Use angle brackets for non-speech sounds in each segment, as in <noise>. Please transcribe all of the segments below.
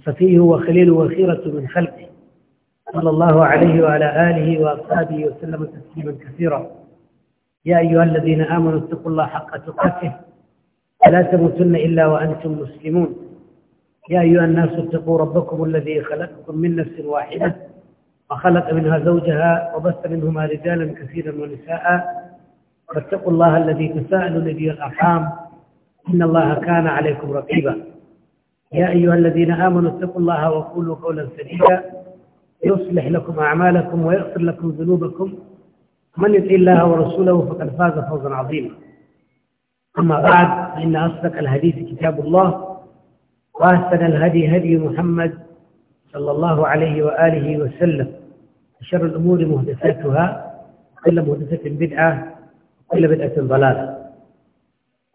وصفيه وخليله وخيرة من خلقه صلى الله عليه وعلى آله وأصحابه وسلم تسليما كثيرا يا أيها الذين آمنوا اتقوا الله حق تقاته ولا تموتن إلا وأنتم مسلمون يا أيها الناس اتقوا ربكم الذي خلقكم من نفس واحدة وخلق منها زوجها وبث منهما رجالا كثيرا ونساء واتقوا الله الذي تساءلون به الأرحام إن الله كان عليكم رقيبا يا أيها الذين آمنوا اتقوا الله وقولوا قولا سديدا يصلح لكم أعمالكم ويغفر لكم ذنوبكم من يطع الله ورسوله فقد فاز فوزا عظيما أما بعد فإن أصدق الحديث كتاب الله وأحسن الهدي هدي محمد صلى الله عليه وآله وسلم شر الأمور مهدثاتها كل مهدثة بدعة وكل بدعة ضلالة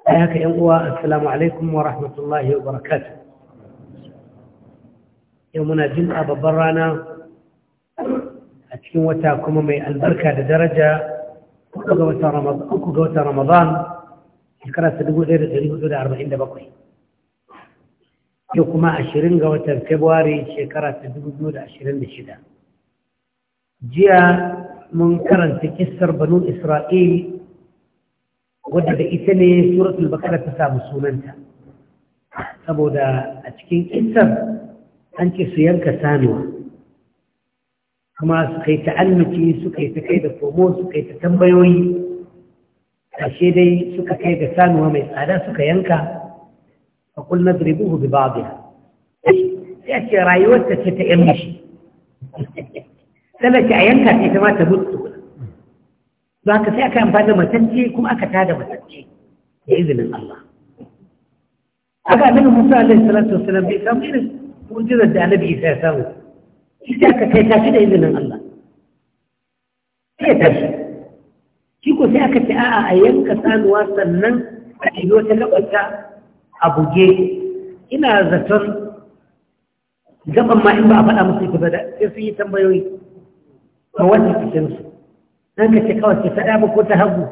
أياك يا السلام عليكم ورحمة الله وبركاته yau muna jin a babban rana a cikin wata kuma mai albarka da daraja uku ga wata ramadan shekara ta 1447 yau kuma ashirin ga watan februari shekara ta 2026 jiya mun karanta kissar banu isra'il wadda da ita ne suratul bakara ta samu sunanta saboda a cikin kissar an ce su yanka sanuwa kuma suka yi ta'annuki suka yi ta kai da komo suka yi ta tambayoyi ashe dai suka kai ga sanuwa mai tsada suka yanka a kulna zuribuhu bi ba'diha sai ce rayuwar ce ta yan mishi sai ce a yanka ce ta ma mutu za ka sai amfani da matacce kuma aka tada irin ji da annabi isa ya samu ita ka kai tashi da izinin Allah sai ya tashi shi ko sai aka ce a'a a yanka sanuwa sannan a cibi wata gabata a buge ina zaton gaban ma in ba a faɗa musu ita ba da sai sun yi tambayoyi a wata cikinsu nan ka ce kawai ce ta ba ko ta hagu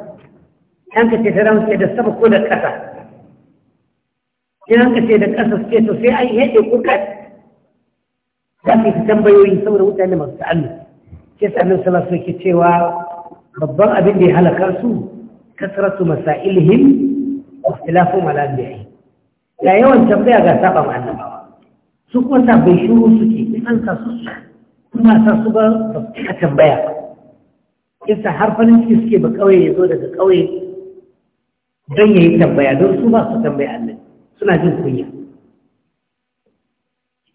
nan ka ce ta ramu ce da sama ko da ƙasa in an ka ce da ƙasa ce to sai an yi haɗe ko kaɗi za ka yi tambayoyi saboda mutane masu ta'allu ke sa annabi sallallahu cewa babban abin da ya halaka su kasratu masailihim wa ikhtilafu malabihi ya yawan tambaya ga saba annabawa su kuma sa bai shiru suke in an sa su kuma sa su ba ba tambaya kisa har farin ciki suke ba kauye ya zo daga kauye don ya yi tambaya don su ba su tambaya annabi suna jin kunya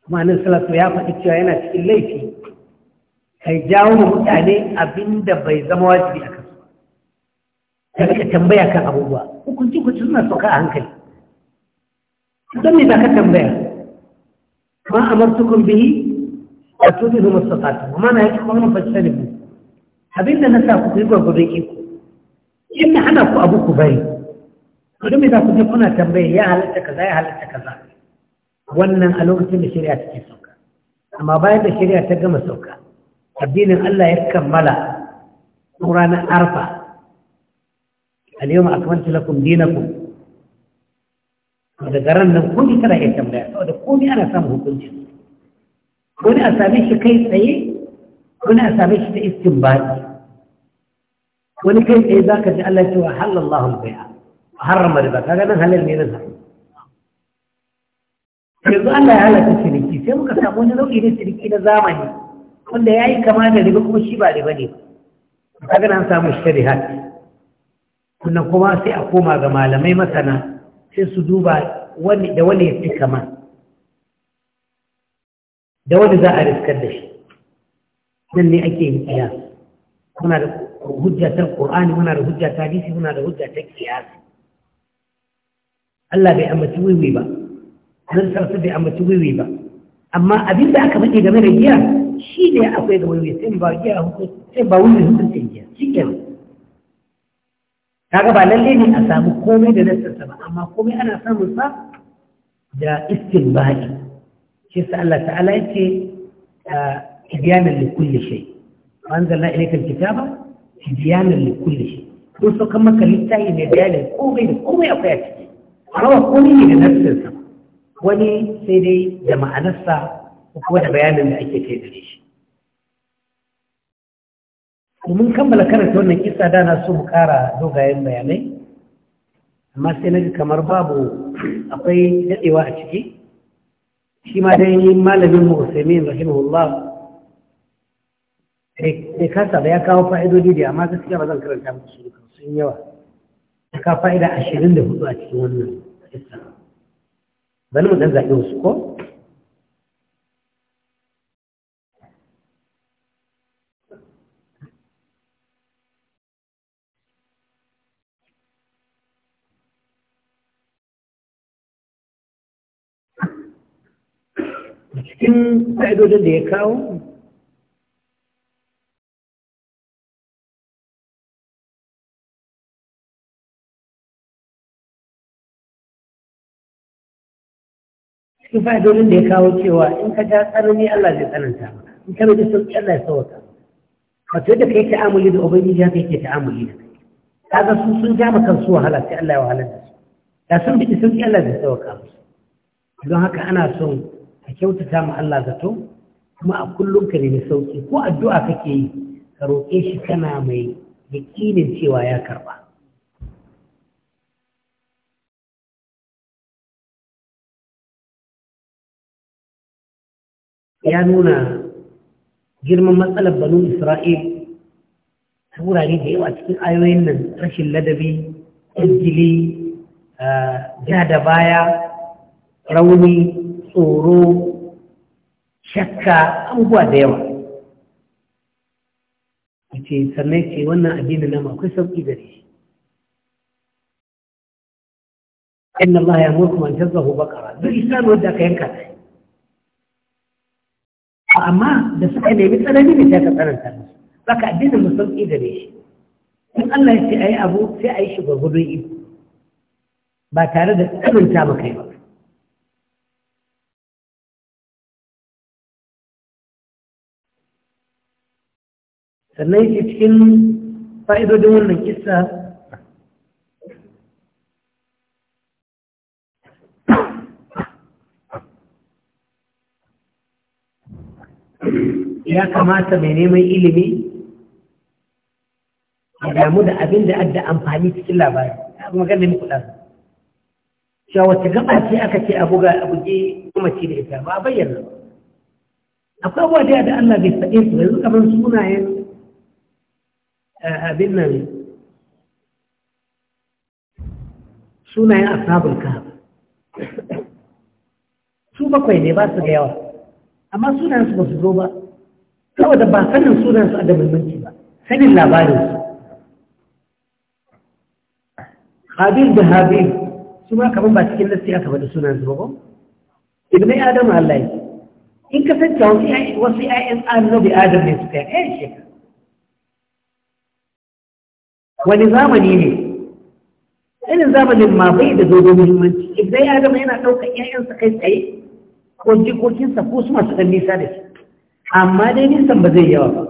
kuma salatu ya faɗi cewa yana cikin laifi kai jawo mutane abinda bai zama wajibi a kansu ka rika tambaya kan abubuwa hukunci ku suna sauka a hankali don me za ka tambaya ma amartukum bihi a tudinu mustaqatu amma na yake kuma fashtani mu abinda na sa ku yi gudun iko in hana ku abu ku bari to don me za ku je kuna tambaya ya halatta kaza ya halatta kaza wannan a lokacin da shari'a take sauka amma bayan da shari'a ta gama sauka addinin Allah ya kammala ranar arfa al-yawma akmaltu lakum dinakum Da garan nan kun tana iya tambaya saboda komai ana samun hukuncin wani a same shi kai tsaye wani a same shi ta istinbati wani kai tsaye zaka ji Allah ya ce cewa halallahu al-bai'a harrama riba kaga nan halal ne na zaka yanzu Allah ya halatta ciniki sai muka samu wani nau'i na ciniki na zamani wanda ya yi kama da riba kuma shi ba riba ne kaga an samu shari'at sannan kuma sai a koma ga malamai masana sai su duba da wani ya fi kama da wani za a riskar da shi nan ne ake yin kiyas muna da hujjatar qur'ani muna da hujjatar hadisi muna da hujjatar kiyas Allah bai ambaci wiwi ba an sarsu bai ambaci wiwi ba amma abin da aka faɗi game da giya shi ne akwai ga wiwi sai ba giya sai ba wiwi hukuncin giya shi kenan kaga ba lalle ne a samu komai da nassarsa ba amma komai ana samun sa da istinbadi shi sa Allah ta'ala da kulle ah, li an zalla anzalna kita ba tibiyanar da kulle shai ko so kan maka littafi ne bayanin komai da komai akwai a ciki amma komai ne da nassarsa wani sai dai da ma'anarsa ko kuma da bayanin da ake kai da shi domin kammala karanta wannan kisa da na so mu kara dogayen bayanai amma sai na kamar babu akwai daɗewa a ciki shi ma dai malamin mu usaimin rahimahullah sai kasa da ya kawo fa'idodi da amma gaskiya ba zan karanta musu sun yawa ta ka fa'ida ashirin da hudu a cikin wannan kisa bari mu dan zaɓi wasu ko cikin ƙa'idodin da ya kawo cikin fa'idodin da ya kawo cewa in ka ja tsanani Allah zai tsananta in ka rage sauƙi Allah ya sauka wato yadda kai ta'amuli da ubangiji haka yake ta'amuli da kai ka su sun ja maka kansu wahala sai Allah ya wahala da su da sun bi sauƙi Allah zai sauka musu don haka ana son ka kyautata ma Allah zato kuma a kullum ka nemi sauƙi ko addu'a kake yi ka roƙe shi kana mai yaƙinin cewa ya karɓa ya nuna girman matsalar banu isra'il ta wurare da yawa cikin ayoyin nan rashin ladabi injili ja da baya rauni tsoro shakka abubuwa da yawa ce sannan ce wannan addini nan akwai sauƙi gare shi inna Allah ya murkum man tazahu baqara duk isan wanda aka yanka amma da suka nemi tsanani ne sai ka tsananta musu baka addinin musulmi da ne shi in Allah ya ce ayi abu sai ayi shi gurgudun iko ba tare da tsananta ba kai ba sannan yake cikin fa'idodin wannan kisa. ya kamata mai neman ilimi a damu da abin da adda amfani cikin labari abu magana muku ɗansu cewa wata gaba ce aka ce abu ga abu ji kuma ce da ita ba a bayyana ba akwai abuwa da da Allah bai faɗe su yanzu kamar sunayen eh, abin nan sunayen Asabar ka? su bakwai ne ba su da yawa amma sunayensu ba su zo ba saboda ba sanin sunansu a da muhimmanci ba sanin labarinsu habil da habil su ma kamar ba cikin lasti aka faɗi sunansu ba ba ibnai adam Allah yake in ka san cewa wasu ƴaƴan annabi adam ne suka yi eh, shekara wani zamani ne irin zamanin ma bai da dogon muhimmanci ibnai adam yana ɗaukar 'ya'yansa kai tsaye ko jikokinsa ko su masu ɗan nisa da shi amma dai nisan ba zai yawa ba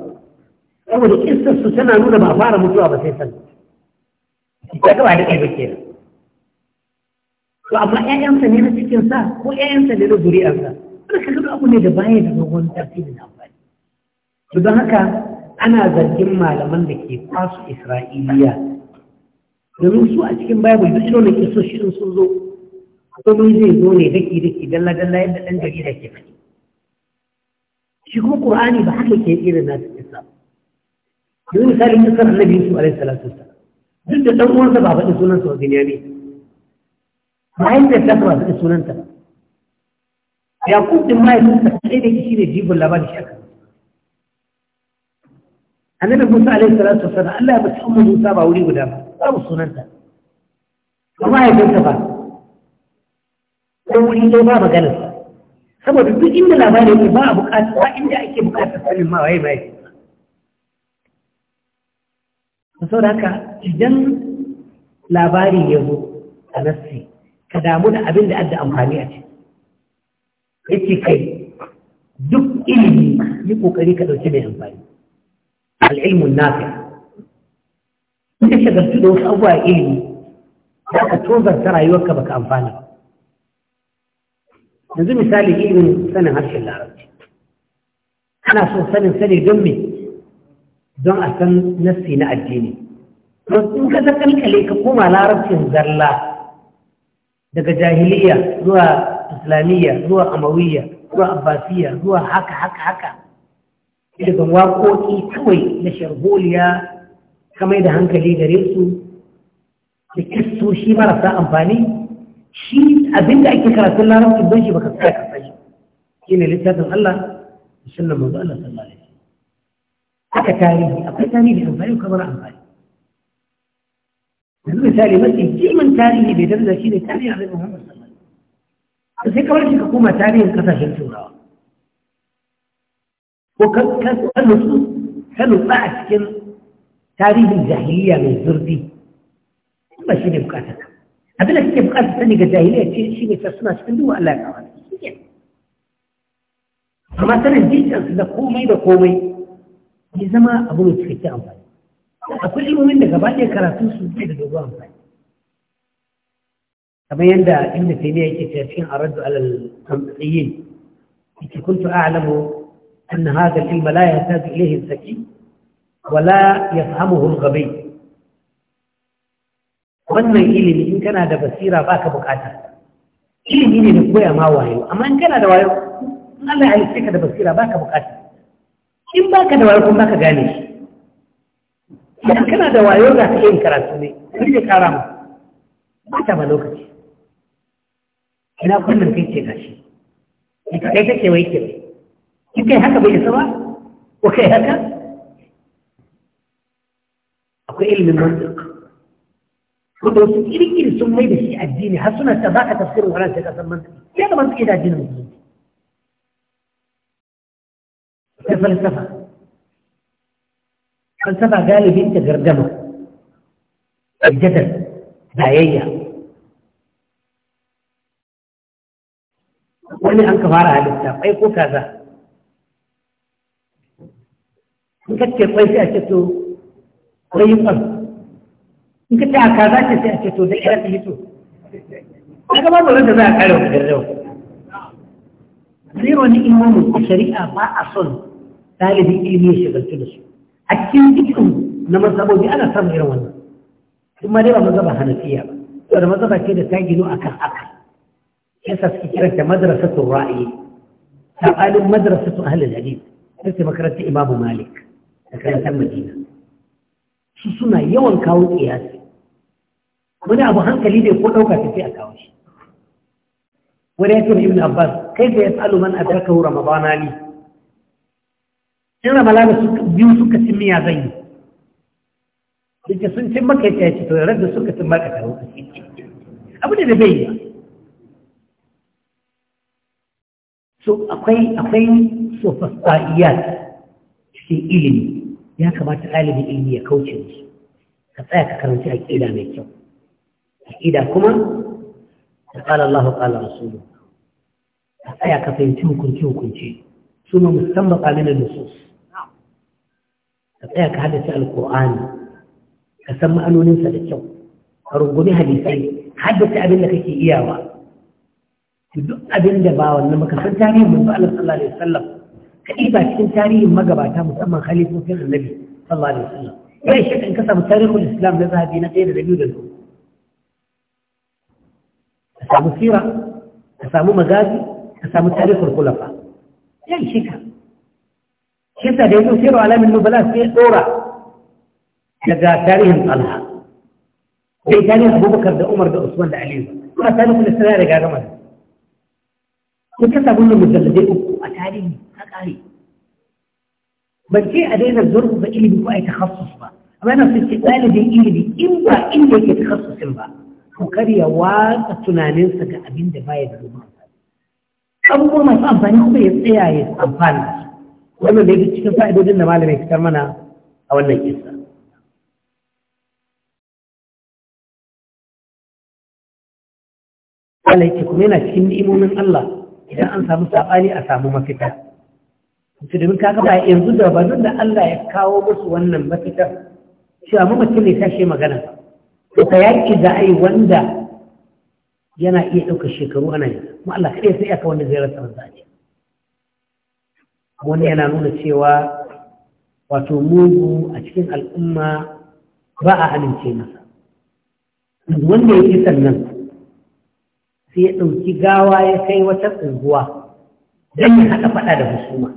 saboda kistarsu tana nuna ba fara mutuwa ba sai san ita gaba da ɗaya ba ke to amma ƴaƴansa ne na sa ko ƴaƴansa ne na zuri'arsa wanda ka abu ne da baya da dogon tasiri da amfani to don haka ana zargin malaman da ke kwasu isra'iliya domin su a cikin bible duk irin da kisoshi sun zo komai zai zo ne daki daki dalla dalla yadda ɗan jarida ke faɗi shi kuma qur'ani ba haka ke irin nasu kisa ta misalin kisar annabi su alai salatu ta. duk da ɗan uwansa ba faɗi sunansa wa binyami da ta ba faɗi sunanta ma ya din ta ɗaya da shi ne jibin labari shi aka annabi musa alai salatu wasallam Allah ya bata ummu musa ba wuri guda ba babu sunanta ba mahaifinta ba ko wani ɗaya ba magana saboda duk inda labarin yake ba a bukata ba inda ake bukata sanin ma waye bai da haka idan labari ya zo a nassi ka damu da abin da adda amfani a ce yake kai duk ilimi yi kokari ka dauke mai amfani al'ilmun nafi inda shagartu da wasu abuwa ilimi za ka tozarta rayuwarka baka amfana yanzu misali ilimin sanin harshen larabci ana so sanin sani don me don a san nassi na addini in ka kankale ka koma larabcin zalla daga jahiliya zuwa islamiyya zuwa amawiyya zuwa abbasiyya zuwa haka haka haka daga waƙoƙi kawai na sharholiya mai da hankali gare su da kistoshi marasa amfani shi abin da ake karatun larabci don shi baka tsaya ka shi shi ne littafin Allah da sunnan manzo Allah sallallahu alaihi wasallam haka tarihi akwai tarihi amfani kamar amfani yanzu misali mafi kiman tarihi bai daraja shi ne tarihin annabi Muhammad sallallahu alaihi wasallam sai kamar shi ka koma tarihin kasashen turawa ko ka nutsu ka nutsa a cikin tarihin jahiliya mai zurfi ba shi ne bukatar abin da kake bukatar sani ga jahiliya ce shi ne ta suna cikin duwa Allah ya kawo amma sanin jikinsu da komai da komai ya zama abu mai cikakken amfani akwai ilmomin da gaba ɗaya karatu su bai da dogon amfani kamar yadda inda taimiyya yake cewa cikin araddu alal kamtsiyin yake kuntu a'lamu la ya العلم لا يحتاج إليه الذكي ولا يفهمه الغبي wannan ilimi in kana da basira ba ka bukata ilimi ne da koya ma wayo amma in kana da wayo in Allah ya halice ka da basira ba ka bukata in ba ka da wayo kuma ba ka gane shi idan kana da wayo za ka yi karatu ne kar ya kara ma ba ta ba lokaci ina kullum kai ce gashi ita kai kake wai ke in kai haka bai isa ba ko kai haka akwai ilimin wanda wasu kirkiri sun mai da shi addini har suna ta baka tafsirin wala sai ka san mantiki ya da mantiki da addinin musulunci da falsafa falsafa galibin ta gardama jadal bayayya wani an ka fara halitta kwai ko kaza in kacce kwai sai a ce to kwai yi kwan in ka ce a kaza ce sai a ce to da ira ta hito a gaba ba da za a kare wata garrewa zai wani imamu a shari'a ba a son ɗalibin ilimi ya shagaltu da su a cikin dukkan na mazhabobi ana samun irin wannan kuma dai ba mazhaba hanafiya ba saboda mazhaba ce da ta gino akan aka yasa suke kiranta madrasatu ra'ayi sabanin madrasatu ahlul hadith sai makarantar imamu malik da karantar madina su suna yawan kawo kiyasi wani abu hankali bai ko ɗauka ta sai a kawo shi wani ya ce da ibn abbas kai da ya tsalu man a zarka hu ramadana ne in ramadana biyu suka cin miya zan yi duk sun cin maka ya ce to yarar da suka cin maka ta hukuka abu ne da bai yi so akwai akwai sofasta'iyat cikin ilimi ya kamata ɗalibin ilimi ya kauce musu ka tsaya ka karanci aƙida mai kyau aƙida kuma da ƙala Allah wa ƙala Rasulu a tsaya ka fahimci hukunci hukunci su ne musamman ƙalilan nusus ka tsaya ka haddace alƙur'ani ka san ma'anoninsa da kyau a rungumi hadisai haddace abin da kake iyawa duk abin da ba wannan maka san tarihin manzo ba'alar sallallahu alaihi wasallam ka ba cikin tarihin magabata musamman khalifofin annabi sallallahu alaihi wasallam ya shi kan ka samu tarihul islam na zahabi na ɗaya da biyu da su ka samu sira ka samu magazi ka samu tarihul kulafa ya ishe ka shi da yanzu siru alamin nubala sai dora daga tarihin talha sai tarihin abubakar da umar da usman da aliyu kuma sami da sarari da gagama da kun ka samu mujalladai uku a tarihi a ƙare ban ce a daina zurfa ilimi ko a yi takhasus ba amma yana sun ce ɗalibin ilimi in ba inda yake takhasussin ba Ku karya ya watsa tunaninsa ga abin da baya da domin abubuwa masu amfani kuma ya tsaya ya amfani wannan da yake cikin fa'idodin da malamai fitar mana a wannan kisa Allah yake kuma yana cikin ni'imomin Allah idan an samu saɓani a samu mafita to domin kaga ba yanzu da ba da Allah ya kawo musu wannan mafitar cewa mamacin ne tashi magana to ka yaƙi da ai wanda yana iya ɗauka shekaru ana yi kuma Allah kaɗai sai aka wanda zai rasa wanda ake wani yana nuna cewa wato mugu a cikin al'umma ba a amince masa wanda ya ƙi sannan sai ya ɗauki gawa ya kai wata unguwa don ya haɗa faɗa da husuma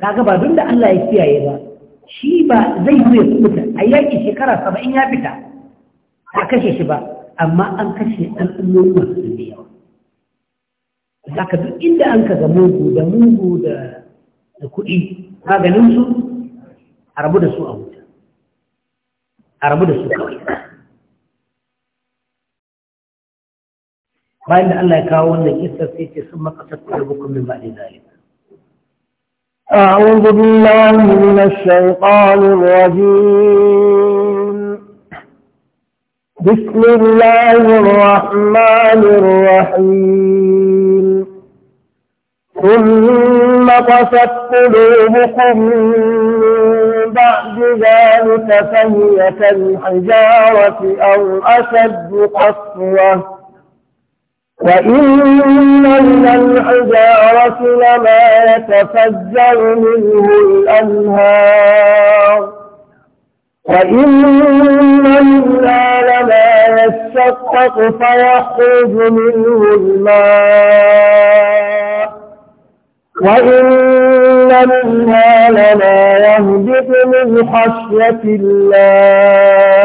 kaga ba don da Allah ya kiyaye ba shi ba zai zuwa ya kuta a yaƙi shekara saba'in ya fita a kashe shi ba amma an kashe al'ummomi masu ɗumbe yawa za ka duk inda an ka ga mugu da mugu da kuɗi su a rabu da su a wuta a rabu da su kawai bayan da Allah ya kawo wannan kisa sai ce sun makasar da hukumin ba da أعوذ بالله من الشيطان الرجيم بسم الله الرحمن الرحيم ثم قست قلوبكم من بعد ذلك فهي كالحجارة أو أشد قسوة وإن من الحجارة لما يتفجر منه الأنهار فإن الآل لما يشقق فيخرج منه الماء وإن منها لما يهبط من خشية الله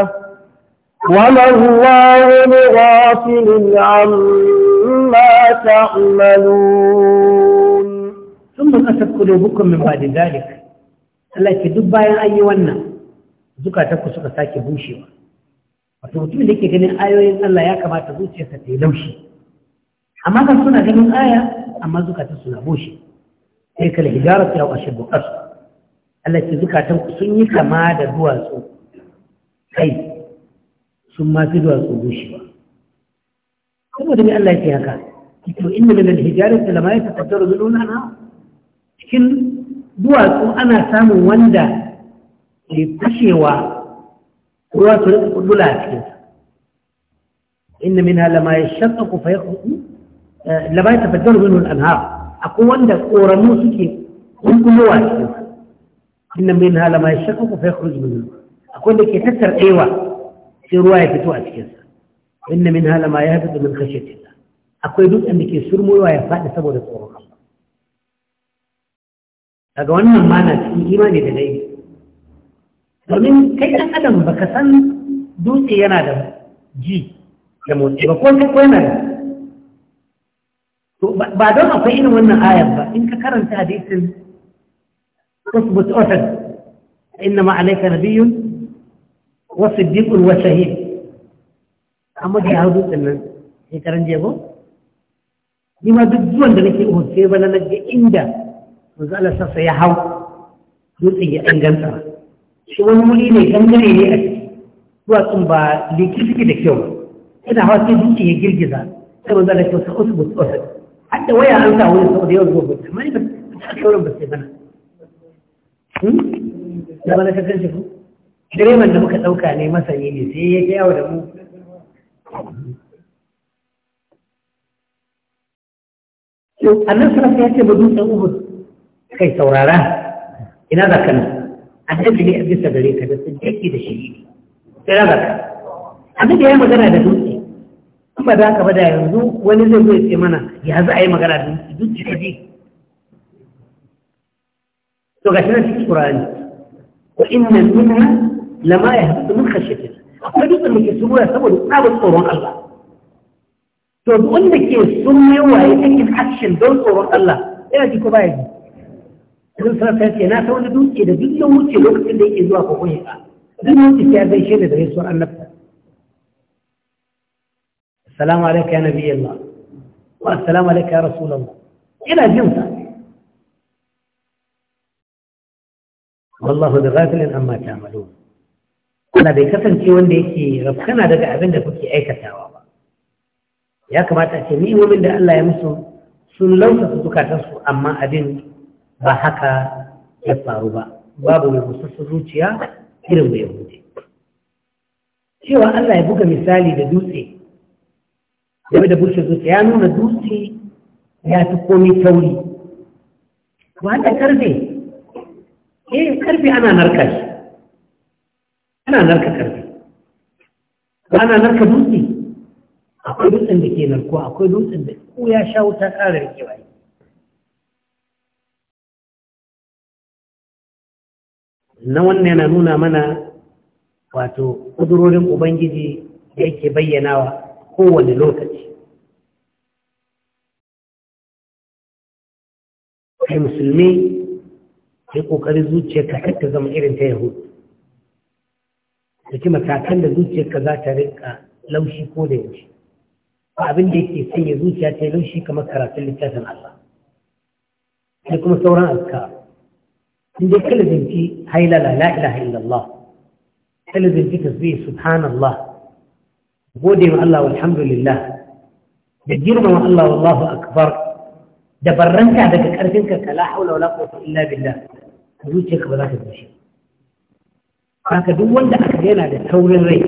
وما الله بغافل عما تعملون ثم أسف قلوبكم من بعد ذلك التي دبا أي ونه zukatanku suka sake bushewa wato mutumin da ke ganin ayoyin Allah ya kamata zuciyarsa ta yi laushi amma kan suna ganin aya amma zukatan suna bushe sai kala hijara ta yawa shaddu kasu Allah ce zukatanku ku sun yi kama da duwatsu kai sun ma fi duwatsu bushewa saboda mai Allah ce haka to inna min al-hijarati lama yataqaddaru min anha cikin duwatsu ana samun wanda ke fashewa ruwa su rika kudula a cikinsa. inna min halama ya shakka ku fa yaku lama ya tafaddaru minhu al-anhar akwai wanda koramu suke kunkulowa cikin inda min halama ya shakka ku fa yakhruju a akwai wanda ke ɗewa sai ruwa ya fito a cikin sa inna min halama ya fito min khashyatillah akwai dutsen da ke surmuwa ya faɗi saboda tsoron Allah daga wannan mana cikin imani da laifi domin kai ɗan adam ba ka san dutse yana da ji da motsi ba ko kai kwanar ba don akwai irin wannan ayar ba in ka karanta hadisin usbut otan inna ma alaika nabiyun Wasu siddiqun Wasu shahid amma ji hau dutsen nan karan jebo ni ma duk zuwan da nake uhud sai ba na nage inda manzo Allah sassa ya hau dutsen ya inganta shi wani wuri ne gangare ne a ciki sun ba liki suke da kyau yana hawa sai dutse ya girgiza sai manzo Allah ya ce wasu wasu wasu hadda waya an sa wani saboda yawan gobe amma ne ba ta kyau ba sai bana da hmm? bana ka kanci ku direban da muka dauka ne masani ne sai ya yawo da mu annan sarrafa ya ce ba dutsen uhud kai saurara ina za ka nan annabi ne a bisa gare ka da sujjaki da shiri sai raga ka annabi ya yi magana da dutse in ba za ka bada yanzu wani zai zai ce mana ya za a yi magana da dutse dutse ka ji to ga shi na cikin ƙurani wa inna minha lama ya hasu min khashyatin akwai dutsen da ke suruwa saboda tsabar tsoron Allah to wanda ke sun yi waye taking action don tsoron Allah yana ji ko baya ji sun sarrafa ce na ta wani dutse da duk yan wuce lokacin da yake zuwa ko kuma ya duk wuce ya gaishe da gare su annabta assalamu alaika ya nabi Allah wa assalamu alaika ya rasulullah ina jin sa wallahu da ghafilin amma ta'malun ana bai kasance wanda yake rafkana daga abin da kuke aikatawa ba ya kamata a ce ni'imomin da Allah ya musu sun lausa su zukatansu amma abin ba haka ya faru ba babu mai musassu zuciya irin mai yahudi cewa Allah ya buga misali da dutse game da bushe dutse ya nuna dutse ya fi komi tauri wanda karfe eh karfe ana narka shi ana narka karfe ana narka dutse akwai dutsen da ke narko akwai dutsen da ko ya sha wuta ƙara rikewa na wannan yana nuna mana wato ƙudurorin ubangiji da yake bayyanawa kowane lokaci kai musulmi ya ƙoƙarin zuciyarka ka ta zama irin ta yahudu da matakan da zuciyarka za ta rinka laushi ko da yaushe ba abin da yake sanya zuciya ta yi laushi kamar karatun littafin Allah sai kuma sauran azkar in dai kalibinci hailala la ilaha illallah kalibinci tasbih subhanallah gode wa Allah alhamdulillah da wa Allah wallahu akbar da barranka daga karfinka ka la haula wala quwwata illa billah zuciyarka ba za ta tashi haka duk wanda aka yana da taurin rai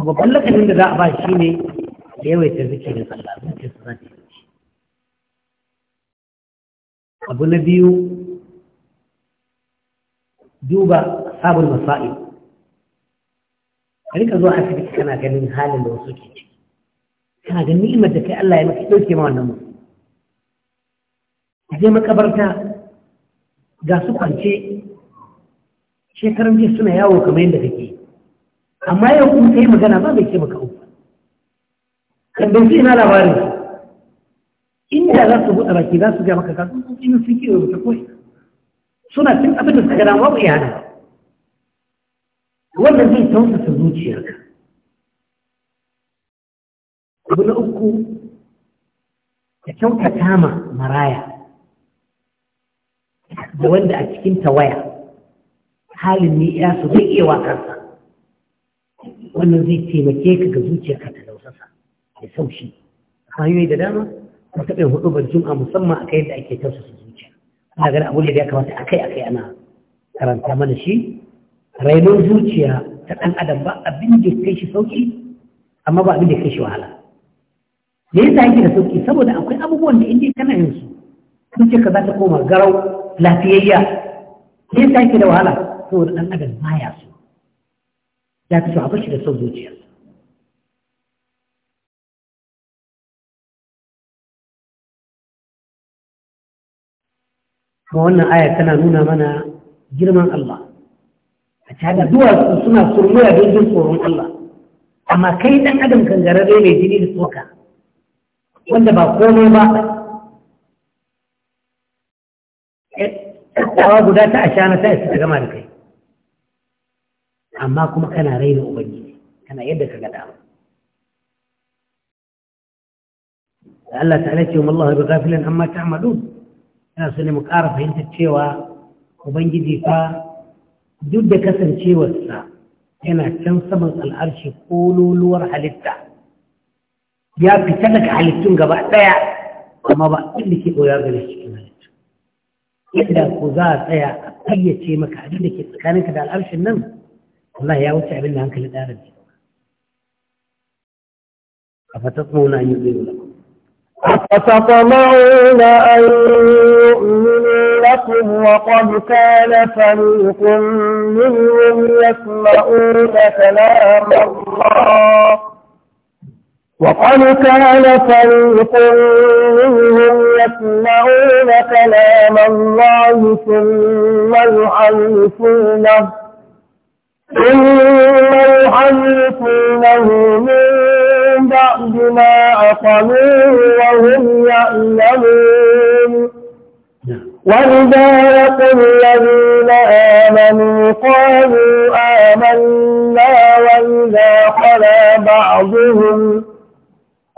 babban lakanin da za a ba shi ne da yawaita zikirin Allah zuciyarsa za ta tashi abu na biyu duba sabon masa'i ka zo a cikin kana ganin halin da wasu ke ciki kana ganin ni'imar da kai Allah ya maka ɗauke ma wannan mutum je makabarta ga su kwance shekaran jiya suna yawo kamar yadda kake amma yau kuma ta yi magana ba bai ce maka uku kan bai ina labarin inda za su buɗe baki za su ga maka kasu sun sun da ta koyi suna cin abin da suka gada babu iyana wanda zai tausasa zuciyarka abu na uku ka kyautata ma maraya da wanda a cikin ta waya halin ni ya su zai iya wakarsa wannan zai taimake ka ga zuciyarka ta lausasa da saushi hanyoyi da dama ka taɓa hudu ban jum'a musamman a kai da ake tausasa Ana gani abu da ya kamata a kai a kai ana karanta mana shi rainon zuciya ta ɗan adam ba abin da kai shi sauki amma ba abin da kai shi wahala me yasa yake da sauki saboda akwai abubuwan da inda kana yin su ce ka za ta koma garau lafiyayya me yasa yake da wahala saboda ɗan adam baya su ya fi so a bashi da sau zuciya kuma wannan aya tana nuna mana girman Allah a cada duwatsu suna surmura don jin tsoron Allah amma kai dan adam kangararre mai jini da tsoka wanda ba komai ba tsawa guda ta ashana ta isa ta gama da kai amma kuma kana raina ubangiji kana yadda ka ga Allah ta'ala ce wa Allah bi ghafilan amma ta'malun ina so ne mu ƙara fahimtar cewa ubangiji fa duk da kasancewarsa yana can saman al'arshi loluwar halitta ya fita daga halittun gaba ɗaya amma ba da ke ɗoya gare cikin halittu inda ko za a tsaya a fayyace maka abin da ke tsakaninka da al'arshin nan wallahi ya wuce abin da hankali ɗarar a fatasmauna an yi zai أفتطمعون أن يؤمنوا لكم وقد كان فريق منهم يسمعون كلام الله وقد كان فريق منهم يسمعون كلام الله ثم يحرفونه ثم يحرفونه من بعد ما أخذوه وهم يَأْلَمُونَ وإذا لقوا الذين آمنوا قالوا آمنا وإذا خلا بعضهم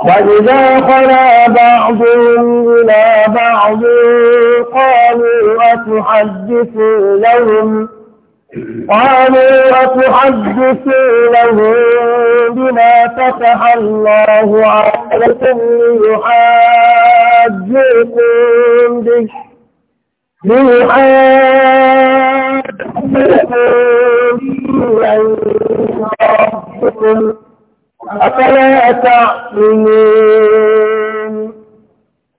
وإذا خلا بعضهم إلى بعض قالوا أتحدثونهم قالوا أتحدثونه بما فتح الله عليكم ليحاجوكم به ليحاجوكم أفلا تعقلون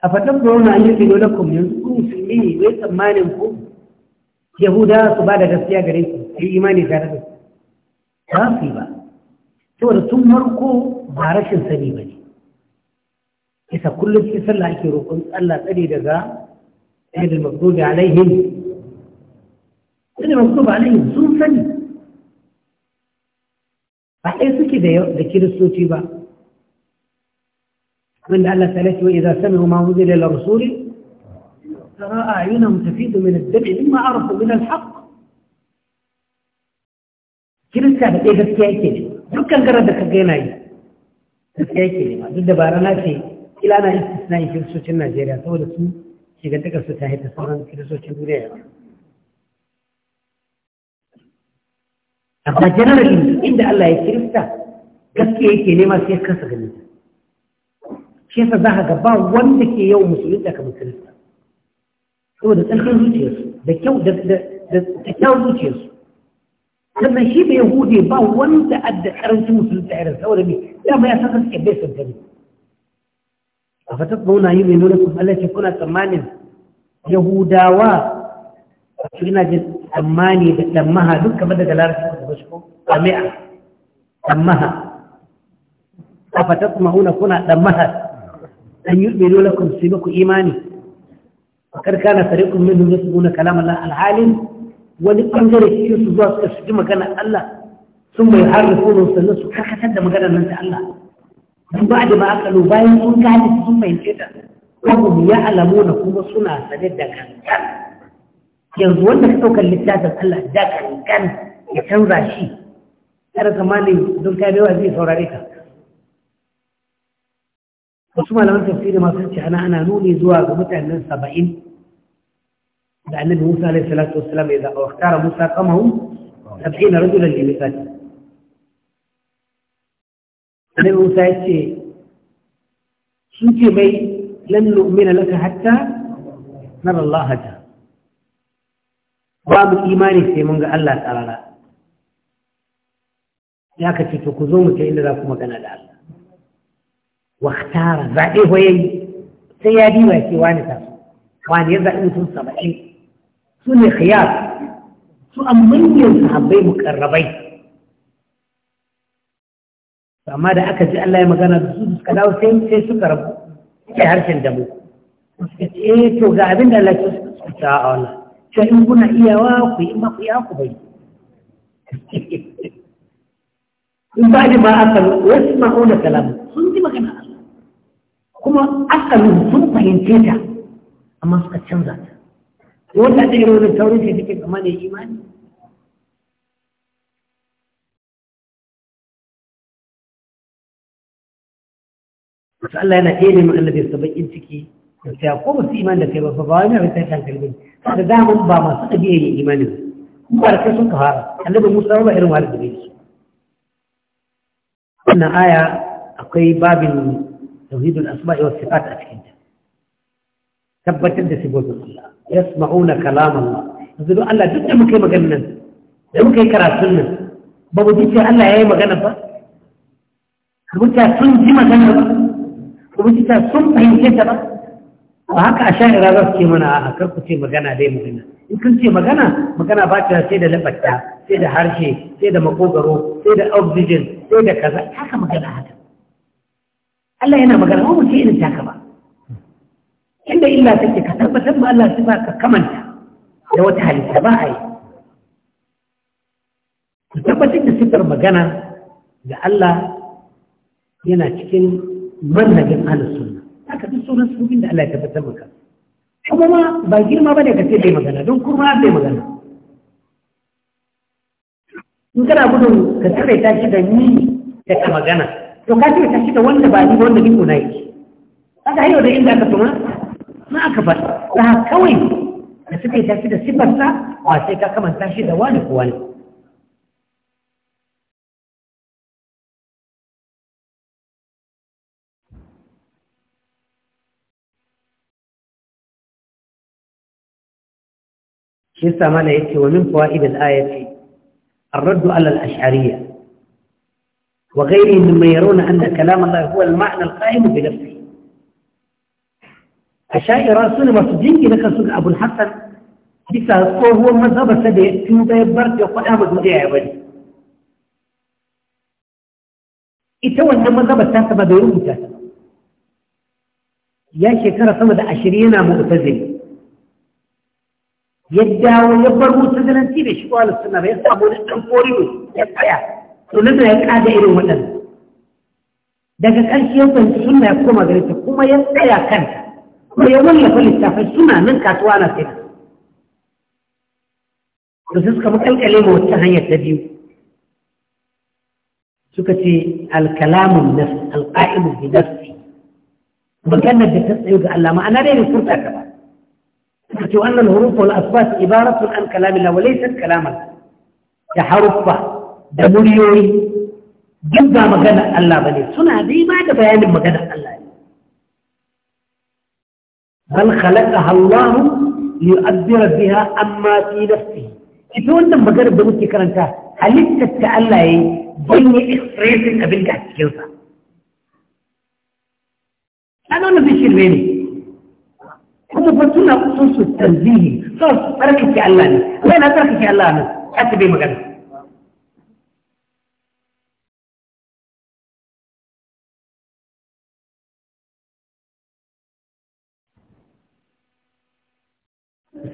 أفتبدون أن يجدوا لكم ينزلون في المين ويسمى لكم yahuda su ba da gaskiya gare su a yi imani tare da su ba su yi ba saboda tun marko ba rashin sani ba ne isa kullum cikin sallah ake roƙon Allah tsare daga ayyadul maghdubi alaihim ayyadul maghdubi alaihim sun sani ba ɗaya suke da kiristoci ba wanda Allah ta lafi wa idza sami'u ma unzila ila rasuli ترى أعينهم تفيد من الدمع مما عرفوا من الحق kirista da ɗaya gaskiya yake ne dukkan garar da ka gaina yi gaskiya yake ne duk da bara na ce kila na istisna yi kiristocin najeriya saboda su shigantakar su ta haita sauran kiristocin duniya yawa amma generally inda allah ya kirista gaskiya yake nema sai ya kasa ganin shi yasa za ka ga ba wanda ke yau musulunta kamar kirista saboda tsarkin zuciyarsu da kyau da kyau zuciyarsu sannan shi bai hude ba wanda adda karancin musulunta irin saboda mai dama ya san suke bai sun gani a fatat mauna yi mai nuna kuma Allah ce kuna tsammanin yahudawa a cikin na jin tsammani da tsammaha duk kamar daga larabci da shi ko tsami'a tsammaha a fatat mauna kuna tsammaha an yi mai nuna kuma su yi maku imani fakar kana fariqun minhum yasbuna kalam Allah alhalin wani bangare cikin su zuwa suka shigi magana Allah sun bai harrafu sannan su kakatar da maganar nan ta Allah duk ba da ma'akalu bayan sun gane sun fahimce ta wahum ya alamuna kuma suna sane da kankan yanzu wanda ka ɗaukar littafin Allah da kankan ya canza shi kada zamanin don kai bai wa zai saurare ka wasu malaman tafsiri masu ce ana ana nuni zuwa ga mutanen saba'in da annabi musa alaihi salatu wassalam ya zaɓa tara musa saba'i na rajulan da misali annabi musa ya ce sun ce mai lan nu'mina laka hatta nara Allah hatta ba mu imani sai mun ga Allah tsarara ya ka ce to ku zo mu ta inda za ku magana da Allah واختار بعدي هو يي سيادي ما يسي واني تاسو واني يرزع انتم سبعين سوني خيار سو أمين يسحبي مقربي فما دا أكد جعل الله يمغانا بسود سكلاو سيم سي سكر سي هرشن دمو وسكت ايه تو غابين الله سو سكتا اولا شو ينبونا ايا واقو ايما قيا قبي من <laughs> بعد ما أكل واسمعون كلامه سنتي ما كان أكل kuma asalin sun fahimce ta amma suka canza ta wata ta irin wani taurin sai take kama da imani Wasu Allah yana ɗaya ne ma'ana da sabakin ciki da ta ko ba su imani da kai ba ba wani abin ta shan kalbi da daman ba masu ɗabi'a yin imani kuma ba da kai sun ka fara annabi musa ba irin wani da bai su wannan aya akwai babin tauhidul asma'i was sifat a cikin ta tabbatar da sifofin Allah yasma'una kalam Allah yanzu don Allah duk da muka yi maganar nan da muka yi karatun nan ba mu ce Allah ya yi magana ba rubuta sun ji magana ba rubuta sun fahimce ta ba ba haka a sha'ira za su mana a kar ku ce magana dai magana in kun ce magana magana ba ta sai da labarta sai da harshe sai da makogaro sai da oxygen sai da kaza haka magana haka Allah yana magana mu ce irin taka ba inda illa take ka tabbatar ba Allah sai ba ka kamanta da wata halitta ba ai yi ku tabbatar da sifar magana ga Allah yana cikin manhajin ahlus sunna haka duk sunan sunnin da Allah ya tabbatar maka kuma ma ba girma bane ka ce bai magana don kurma bai magana in kana gudun ka tsare ta shi da ni da magana to ka ce ta shi da wanda ba ni wanda ni na yake kaga hayo da inda aka tuma na aka bar da kawai da suke tafi da sifarsa wa sai ka kamanta shi da wani ko wani shi yasa mana yake wa min fawaid al-ayati ar-radd ala al-ash'ariyya وغيرهم مما يرون أن كلام الله هو المعنى القائم بنفسه أشياء رأسون مصدين لك سنة أبو الحسن بسهدته هو مذهب سبيع كم تيبرت يقول أمد مجيع أبدا إتوى مذهب التاسبة بيروم التاسبة يا شكرا صمد أشرينا مؤتزل يدعو يبر مؤتزل أنتي بشكوال السنة بيصابون أنفوريون يا to nan ya kada irin waɗannan daga ƙarshe ya fahimci suna ya koma gare ta kuma ya tsaya kanta kuma ya wallafa littafai suna nan kasuwa na sai da su suka makalkale ma wata hanyar ta biyu suka ce alkalamun nas alƙa'imu bi nafsi maganar da ta tsayo ga Allah ma'ana dai ne furta ta ba suka ce wannan huruf wal asbas ibaratun an kalamin la walaysa kalaman da haruffa da muryoyi duk ba maganar Allah ba ne suna dai ba da bayanin maganar Allah ne bal khalaqaha Allah liyu'abbira biha amma fi nafsihi ita wannan maganar da muke karanta halittar ta Allah yayi don yi expressing abin da a cikinsa ana wani bishir ne ne kuma ba suna sun su tanzihi sun su tsarkake Allah ne wai na tsarkake Allah ne ta bai magana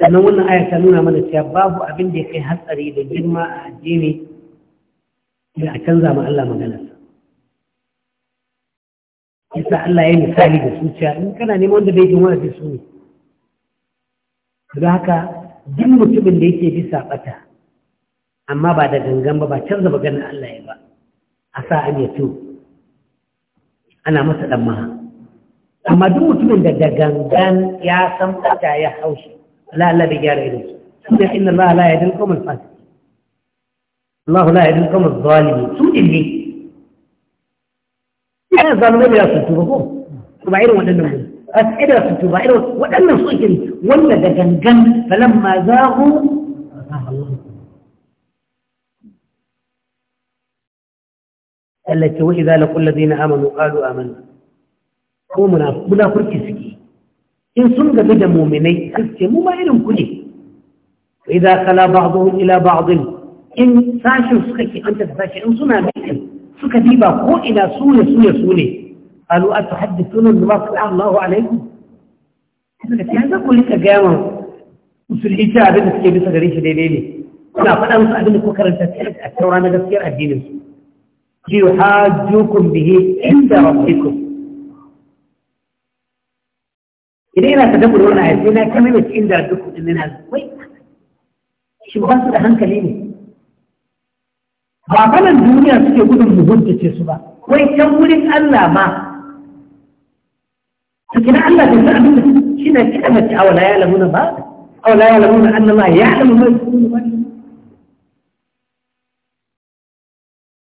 sannan wannan aya ta nuna mana cewa babu abin da ya kai hatsari da girma a addini da a canza ma Allah magana. Isa Allah ya yi misali da zuciya in kana neman wanda bai jin wani su ne don haka duk mutumin da yake bisa bata amma ba da gangan ba ba canza maganar Allah ya ba a sa an yato ana masa dan maha amma duk mutumin da da gangan ya san bata ya haushi لا لا قال إليه سودي إن الله لا يهدي القوم الفاسق الله لا يهدي الظالمين سودي لي أنا الظالمين يا سلطة وبعير وأنا أسئلة سلطة وبعير وأنا سلطة ولا ولد جنجن فلما زاغوا زاغ الله التي وإذا لقوا الذين آمنوا قالوا آمنا هو منافق منافق كسكي in sun gabi da muminai sai ce mu ma irin ku ne fa idza kala ba'dhum ila ba'd in sashin suka ki anta da sashin in suna mitin suka diba ko ina sune sune sune qalu atuhaddithuna bima qala Allahu alaikum kuma sai an ku lika ga mu musulmi ta abin da suke bisa gare shi daidai ne kuna faɗa musu abin da ku karanta a taura na gaskiyar addinin su ki hajjukum bihi inda rabbikum idan yana tadabbur wani ayat sai na kame mace inda duk kudin nan wai shi ba su da hankali ne ba fanan duniya suke gudun mu hujjace su ba wai can wurin Allah ma cikin Allah da zai abin shi na kiɗa mace a wala ya lamuna ba a wala ya lamuna an nama ya lamu mai kuma ba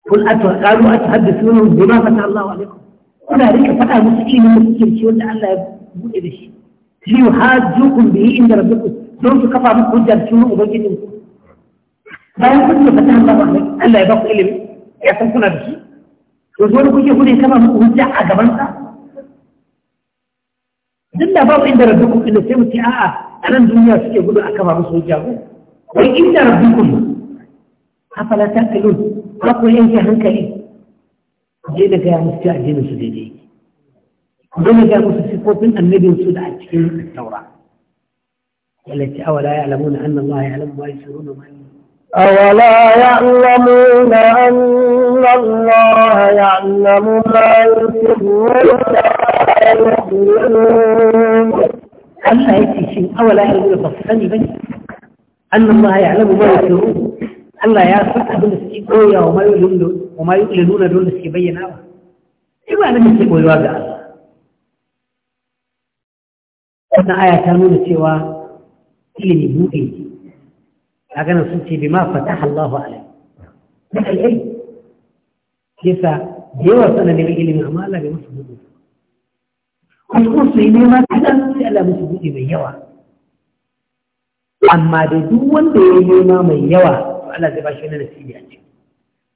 kun ƙaru a ta haddasa wani bima fata Allah wa alaikum kuna rike faɗa musu ilimin kirki wanda Allah ya buɗe da shi shi hajjukun yi inda rabbikum don su kafa muku hujja da sunan ubangijin ku bayan kun da fatan Allah ne Allah ya ba ku ilimi ya san kuna da shi to zo da kuke kuɗe kafa muku hujja a gaban sa duk da babu inda rabbikum inda sai mu ce a'a a nan duniya suke gudu a kafa musu hujja ko wai inda rabbikum afala taqilun ba ku yanke hankali je da gaya musu addinin su daidai don ya musu sifofin annabin su da a cikin taura التي أولا يعلمون أن الله يعلم ما يسرون ما أولا يعلمون أن الله يعلم ما يسرون أما يتشين أولا يعلمون بصفاني بني أن الله يعلم ما يسرون الله يعلم أبن السيقوية وما يؤلنون دون السيبين أولا إيوانا من السيقوية وابعا wannan aya ta nuna cewa ilimi buɗe ne a ganin sun ce bi ma Allah Allahu alai da alai yasa da yawa sana neman ilimi amma Allah bai musu buɗe kuma su yi neman kaɗan sai Allah musu buɗe mai yawa amma da duk wanda ya yi nema mai yawa to Allah zai ba shi wani nasibi a ciki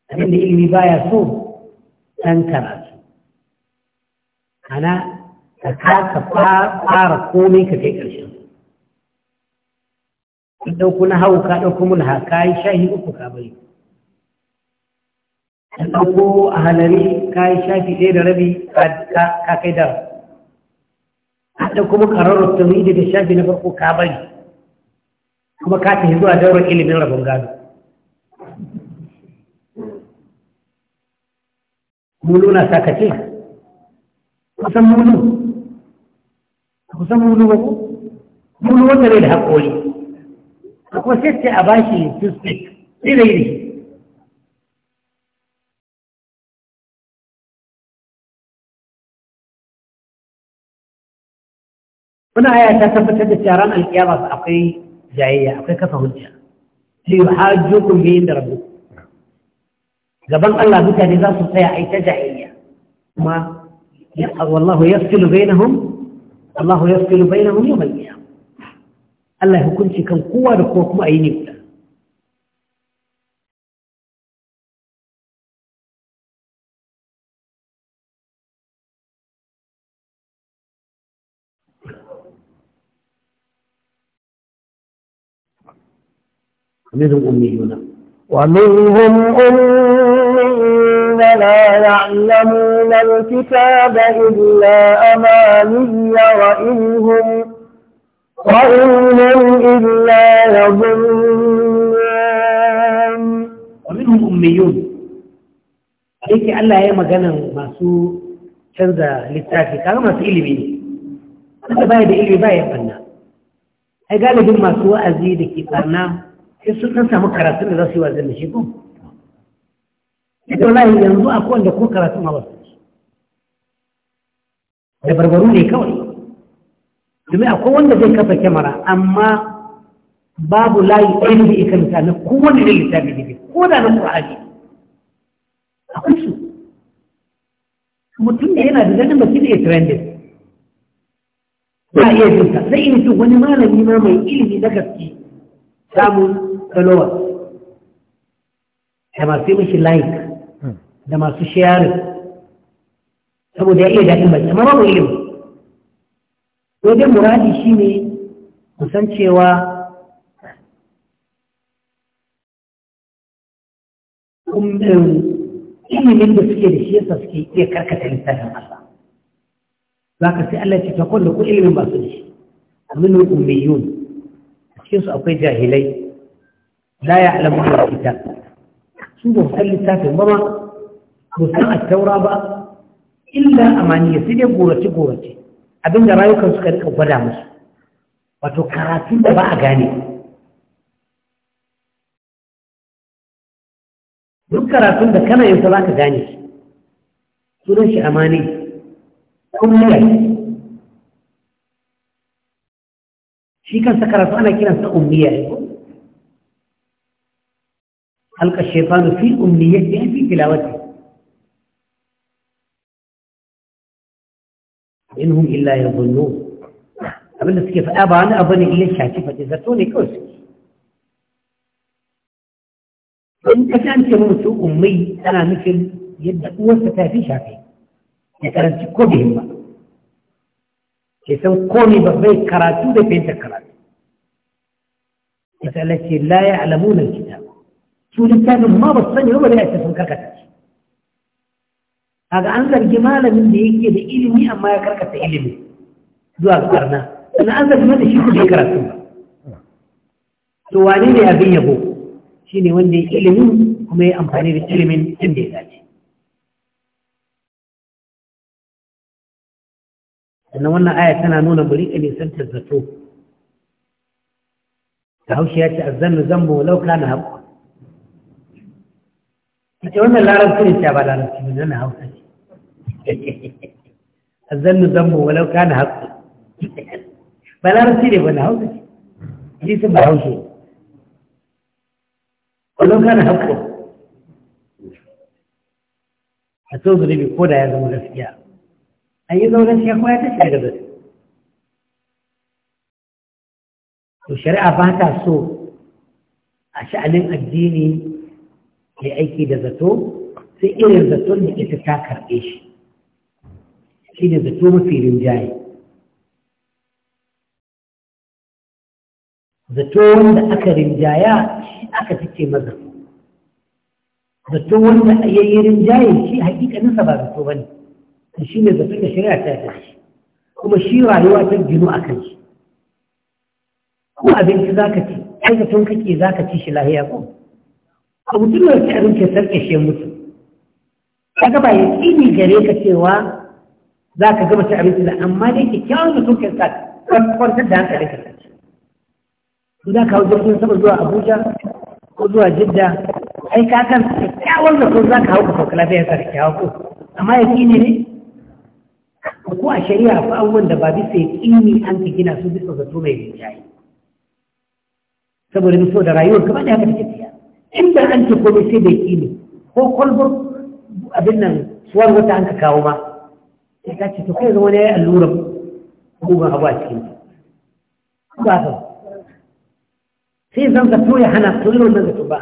abin da ilimi baya so ɗan karatu ana ka kasa fara komai ka kai ƙarshen ka ɗauko na hau ka ɗauko mulha ka yi shahi uku ka bari ka ɗauko a halari ka yi shafi ɗaya da rabi ka kai da ka ɗauko mukararru tauri daga shafi na farko ka bari kuma ka tafi zuwa daurar ilimin rabon gado mulu na sakace kusan mulu ku san mulu ba mulu wanda bai da haƙori kuma sai ce a bashi suspect sai da yi Wani aya ta tabbatar da taron alƙiyama su akwai jayayya akwai kafa hujja. Sai yi hajjo kun da rabu. Gaban Allah mutane za su tsaya aita ita jayayya. Kuma wallahu ya filu bainahum الله يفصل بينهم يوم القيامة الله يكون في كم قوة لكم أي نبدا ومنهم أميون ومنهم أمين لا يعلمون الكتاب إلا أمانيا وإن هم وإن هم إلا يظنون ومنهم أميون aiki Allah ya magana masu canza littafi kaga masu ilimi wanda baya da ilimi baya banna ai galibin masu wa'azi da ke barna sai sun san samu karatun da za su yi wa'azin da shi ko ita wallahi yanzu akwai wanda ko karatu ma ba su da barbaru ne kawai domin akwai wanda zai kafa kyamara amma babu layi ɗaya da bai karanta na kowane da littafi ne ko da na ƙur'ani a kusu mutum da yana da ganin baki da ya trended ba iya jinta zai yi cin wani malami ma mai ilimi na gaske samun kalowa da masu mishi like hmm. da masu sharing saboda ya iya daɗin baki amma ba mu ilimi dai muradi shi ne kusan cewa eh, ilimin da suke da shi yasa suke iya karkata littafin Allah za ka sai Allah ce ta da ku ilimin ba su da shi aminu ummiyun a cikinsu akwai jahilai la ya alamu da kitab su ba san littafin ba ba san a taura ba illa amaniya sai dai gorace gorace abinda rayukan suka rika gwada musu wato karatun da ba a gane duk karatun da kana yin za ka gane sunan shi amani kullum shi kansa karatu ana kiransa ummiya ne alka shefanu fi umniyati fi tilawati inhum illa yadhunnu abin da suke faɗa ba wani abu ne illa shafi faɗi zato ne kawai suke in ka ce mun su ummai tana nufin yadda uwarsa ta fi shafi ya karanci ko bai ba ke san komai ba bai karatu da ta karatu ya ce la ya alamunan kitab su littafin ma ba su sani ba da ya ce sun karkata kaga an zargi malamin da yake da ilimi amma ya karkata ilimi zuwa karna sannan an zargi mata shi ku da karatu ba to wane ne abin yabo shine wanda ya ilimin kuma ya amfani da ilimin inda ya dace sannan wannan aya tana nuna mu riƙe nisantar zato da haushi ya ce azzannu zambo lauka na haƙƙo a wannan larabci ne ta ba larabci ne na hausa ce azannu zambo walau kana haqqu balarasi ne ba na hausa ce hadisin ba hausa ne walau kana a so zunubi ko da ya zama gaskiya an yi zama gaskiya ko ya tashi daga zai to shari'a ba ta so a sha'anin addini mai aiki da zato sai irin zaton da ita ta karɓe shi shi da zato mafi rinjaye zato wanda aka rinjaya shi aka fice maza zato wanda ya yi rinjaye shi hakikaninsa ba zato ba ne shi ne zato da shari'a ta ta shi kuma shi rayuwa ta gino a kan shi ko abinci za ka ci ai zaton kake za ka ci shi lahiya ko a mutum da wasu abinci shi mutu kaga ba ya tsini gare ka cewa za ka gaba ci abinci da amma dai kyakkyawan mutum kan sa kwantar da hankali ka sace su za ka hau jirgin sama zuwa abuja ko zuwa jidda ai ka kan kyakkyawan mutum za ka hau ka sauka lafiyar sa da kyakkyawan ko amma ya ne ne ko a shari'a akwai abubuwan da ba bisa ya ƙini an ka gina su bisa zato mai rinjaye saboda so da rayuwar kamar da haka take tafiya inda an ce komai sai bai ƙini ko kwalbar abin nan suwar wata an ka kawo ma ya ka ce to kai zama ne allura ko ba abu a cikin ta ba ta sai zan zato ya hana to yi wannan zato ba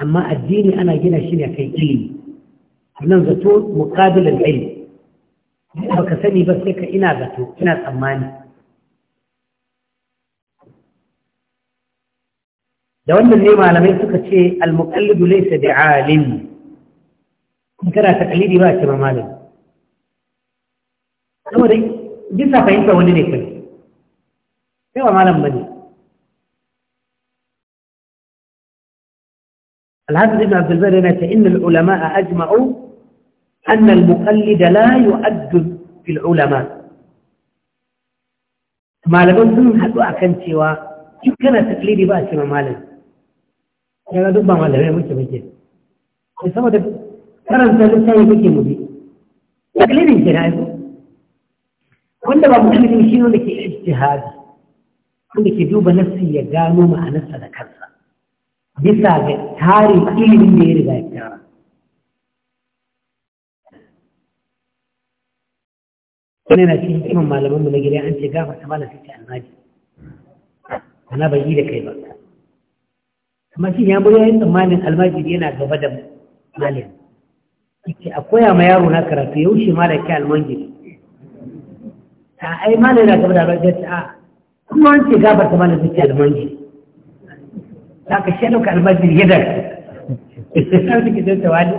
amma addini ana gina shi ne kai ilimi nan zato muqabilan ba ka sani ba sai ka ina zato ina tsammani da wannan ne malamai suka ce al-muqallidu laysa bi'alim ترى تقليدي باكي ما مالي أما دي جسا فهين فهولي نيكل كيف مالي مالي الحافظ ابن عبد البرنة إن العلماء أجمعوا أن المقلد لا يؤدد في العلماء ما لبن من حدوا أكنتي و كيف كان تقليدي باكي ما مالي يا رب ما مالي مجي مجي فرنسا لسه يجي مودي تقليل الجنائز كل ما محمد يشيل لك اجتهاد عندك جوبة نفسية قاموا مع نفسها ذكرها بساقة تاريخ إلي من ديري بايك أنا نسيت إمام ما لما من قريه أنت قافة أنا بجي لك أي بقى ما شيء يا أبو يا إنت ما نسيت الماجي دينا قبضة ce a koya ma yaro na karatu yaushe ma mara ke almangiri ta ai ma yana gaba da rajar ta kuma an ce gabar ta ma da zuke almangiri ta ka shi ɗauka da yadda ta suke zai tawali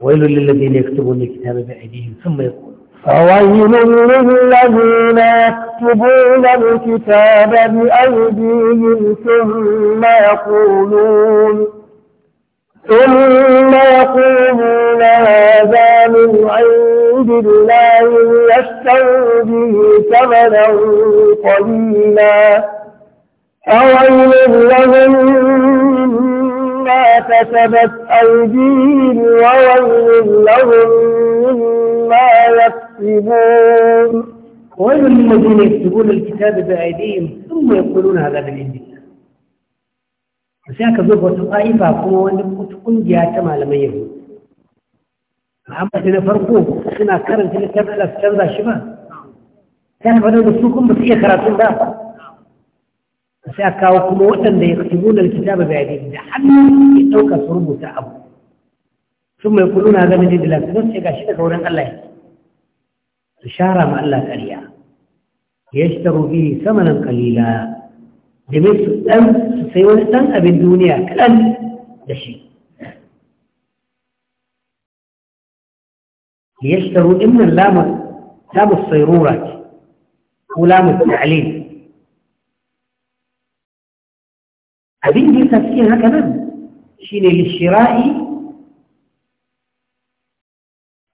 wailu lillazi ne yaktubu ne kitabu bi sun mai yaqulu فويل للذين يكتبون الكتاب بأيديهم ثم يقولون ثم يقولون هذا من عند الله ليشتروا به ثمنا قليلا فويل لهم مما كسبت أيديهم وويل لهم مما يكتبون بأيديهم ويل الذين يكتبون الكتاب بأيديهم ثم يقولون هذا من عند الله فسيك ذوب وتقائفة كما وانت كن جاءت ما لم يهود محمد نفرقوا سنا كرم في الكتاب على الكتاب ذا كان فلو نسوكم بس إخراتون إيه ذا فسيك وكما وانت يكتبون الكتاب بأيديهم لحلوا يتوكا صربوا تعبوا ثم يقولون هذا من عند الله فسيك شبه ورن الله تشارع مع الله تعالى يشتروا به ثمنا قليلا دمس أم سيوان أم أبن دونيا دشي يشتروا إمن اللام لام الصيرورة ولام التعليم أبن دي تفكير هكذا شين للشراء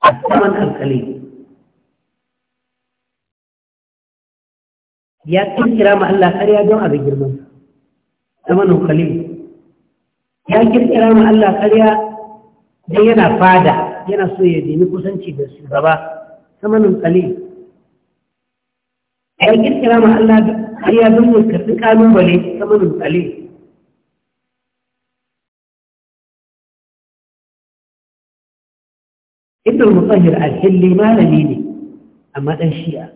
الثمن القليل ya kirkira ma Allah ƙarya don abin girman zamanin khalil ya kirkira ma Allah ƙarya don yana fada yana so ya dini kusanci da shugaba zamanin khalil ya kirkira ma Allah ƙarya don ya karɓi ƙalubale zamanin khalil ibn mutahhir al-hilli malami ne amma dan shi'a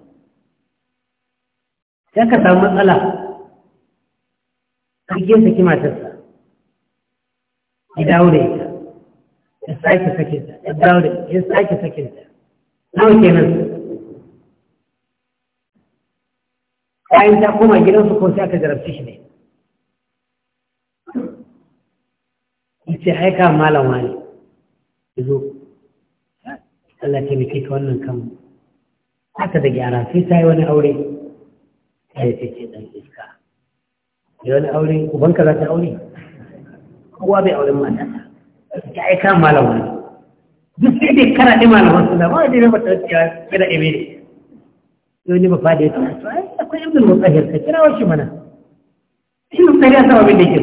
dan ka samu matsala kage saki matarsa ya dawo da ita ya sake sakinta ya dawo da ita ya sake sakinta nawa kenan bayan ta koma gidansu ko sai aka jarabci shi ne ce aika malam wani ya zo Allah ta bike ka wannan kan haka da gyara sai ta yi wani aure kai kake dan iska da wani aure ubanka za ta aure kowa bai auren mata ta aika malama ne duk sai dai kana ɗi malaman suna ba dai na bata ya kira ɗi ne yau ne ba fadi ya tana to ai akwai ibn mutahir ka kira wa shi mana shi mutahir ya saba abin da yake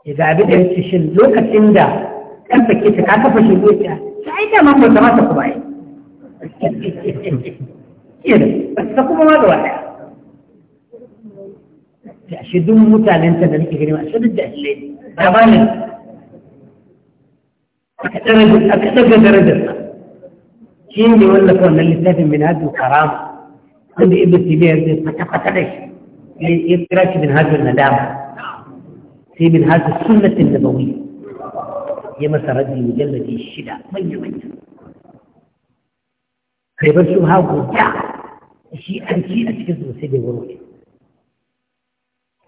so ya ga abin da ya yake shi lokacin da ɗan da ke ta kafa shi zuciya ta aika ma ko ta mata ku bai <laughs> irin ba ta kuma ma gaba ɗaya ta ashe duk mutanen ta da nake gani ashe duk jahilai ba ba ne aka ɗaga darajar sa shi ne wallafa wannan littafin min hajjul karama wanda ibn tibiyar zai fata-fata da shi ya kira shi min hajjul nadama sai min hajjul sunnatin nabawiyya ya masa rabbi mujalladi shida manya-manya kai bar su ha guda shi an ci a cikin su sai bai warware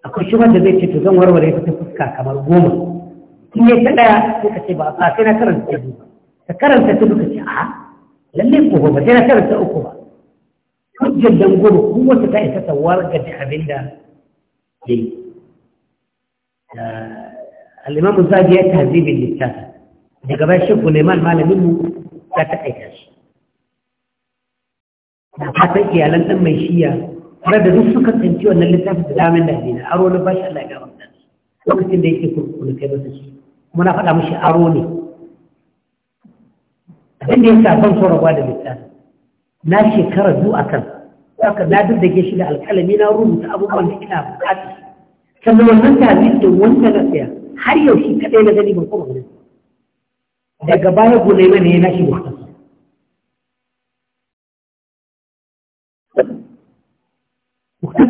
akwai shi wanda zai ce to zan warware ta fuska kamar goma in ya ta daya sai ka ce ba a sai na karanta ta biyu ka karanta ta duka ce a lalle ko ba sai na karanta uku ba hujjar dan goma kowace ta isa ta warga da abin da eh, ya yi al'imamu zabi ya tahzibin littafi daga bayan shi kuleman malamin mu ta taƙaita shi da fatan iyalan ɗan mai shiya tare da duk suka tsanci wannan littafi da damin da dina aro na bashi Allah ya gaba da lokacin da yake kurkuru kai masa shi kuma na faɗa mashi aro ne abin da ya sa son rabuwa da littafi na shekara zu a kan haka na daddage shi da alƙalami na rubuta abubuwan da ina buƙata sannan wannan tafi da wanda na tsaya har yaushe kaɗai na gani ban kuma daga baya gulai ne ya nashi buƙatar